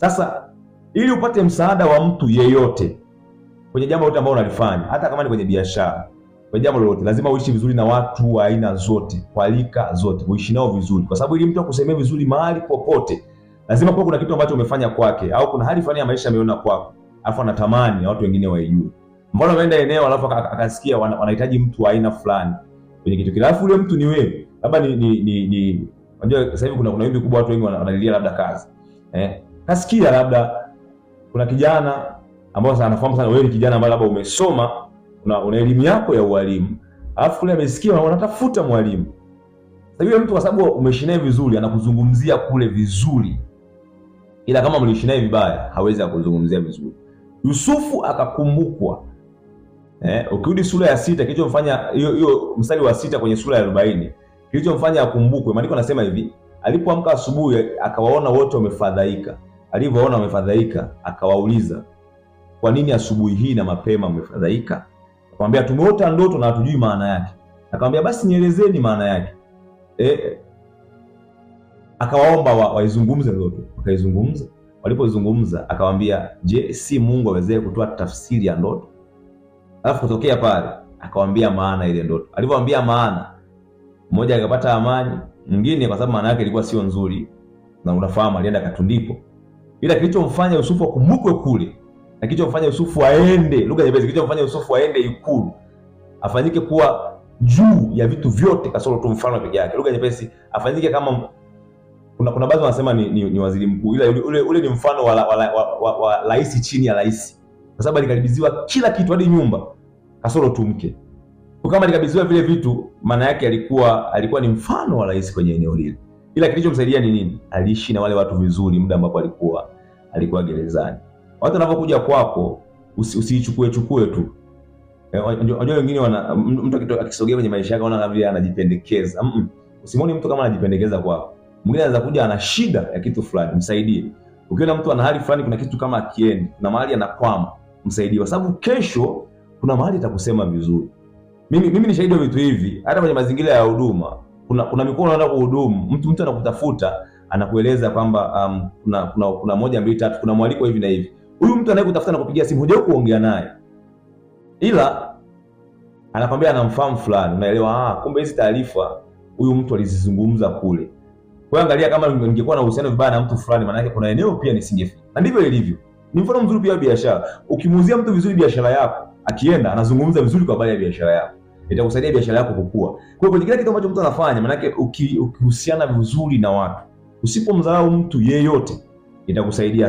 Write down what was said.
Sasa ili upate msaada wa mtu yeyote kwenye jambo lolote ambalo unalifanya, hata kama ni kwenye biashara, kwenye jambo lolote, lazima uishi vizuri na watu wa aina zote, kwa rika zote, uishi nao vizuri, kwa sababu ili mtu akusemee vizuri mahali popote, lazima kuwa kuna kitu ambacho umefanya kwake, au kuna hali fulani ya maisha ameona kwako, alafu anatamani watu wengine waijue. Mbona unaenda eneo alafu akasikia wanahitaji mtu wa aina fulani kwenye kitu kile, alafu ule mtu ni wewe, labda ni ni ni, ni unajua sasa hivi kuna kuna wimbi kubwa, watu wengi wanalilia labda kazi eh nasikia labda kuna kijana ambao anafahamu sana, wewe ni kijana ambaye labda umesoma, una, una elimu yako ya ualimu, alafu kule amesikia unatafuta mwalimu. Sasa yule mtu kwa sababu umeishi naye vizuri, anakuzungumzia kule vizuri, ila kama mliishi naye vibaya, hawezi akuzungumzia vizuri. Yusufu akakumbukwa Eh, ukirudi sura ya sita kilichomfanya hiyo hiyo mstari wa sita kwenye sura ya 40 kilichomfanya akumbukwe, maandiko anasema hivi: alipoamka asubuhi akawaona wote wamefadhaika, Alivyoona wamefadhaika, akawauliza kwa nini asubuhi hii na mapema mmefadhaika? Akamwambia tumeota ndoto na hatujui maana yake. Akamwambia basi nielezeni maana yake. E, akawaomba waizungumze wa ndoto, wakaizungumza. Walipozungumza akawambia, je, si Mungu awezee kutoa tafsiri ya ndoto? Alafu kutokea pale akawambia maana ile ndoto. Alivyowambia maana, mmoja akapata amani, mwingine kwa sababu maana yake ilikuwa sio nzuri, na unafahamu alienda katundipo ila kilichomfanya Yusufu akumbukwe kule na kilichomfanya Yusufu aende, lugha nyepesi, kilichomfanya Yusufu aende ikulu, afanyike kuwa juu ya vitu vyote kasoro tu mfalme peke yake, lugha nyepesi, afanyike kama kuna kuna baadhi wanasema ni, ni, ni waziri mkuu, ila ule, ule ule ni mfano wa wa, wa, wa, wa, wa chini ya rais, kwa sababu alikaribiziwa kila kitu hadi nyumba kasoro tu mke. Kama alikabidhiwa vile vitu, maana yake alikuwa alikuwa ni mfano wa rais kwenye eneo lile ila kilichomsaidia ni nini? Aliishi na wale watu vizuri muda ambapo alikuwa alikuwa gerezani. Watu wanapokuja kwako usichukue usi chukue tu. Unajua eh, e, wengine wana mtu akisogea kwenye maisha yake anaona vile anajipendekeza. Mm, -mm. usimwone mtu kama anajipendekeza kwako. Mwingine anaweza kuja ana shida ya kitu fulani, msaidie. Ukiona mtu ana hali fulani, kuna kitu kama akiendi, kuna mahali anakwama, msaidie, kwa sababu kesho kuna mahali atakusema vizuri. Mimi mimi ni shahidi wa vitu hivi, hata kwenye mazingira ya huduma kuna, kuna mikoa unaenda kuhudumu, mtu mtu anakutafuta anakueleza kwamba um, kuna, kuna, kuna moja mbili tatu, kuna mwaliko hivi na hivi. Huyu mtu anayekutafuta anakupigia simu, hujawahi kuongea naye, ila anakwambia anamfahamu fulani, unaelewa ah, kumbe hizi taarifa huyu mtu alizizungumza kule. Kwa hiyo angalia, kama ningekuwa na uhusiano vibaya na mtu fulani, maana yake kuna eneo pia nisingefika. Na ndivyo ilivyo. Ni mfano mzuri pia wa biashara. Ukimuuzia mtu vizuri biashara yako, akienda anazungumza vizuri kwa habari ya biashara yako itakusaidia biashara yako kukua. Kwa hiyo kwenye kila kitu ambacho mtu anafanya, maanake ukihusiana vizuri na watu, usipomdharau mtu yeyote, itakusaidia sana.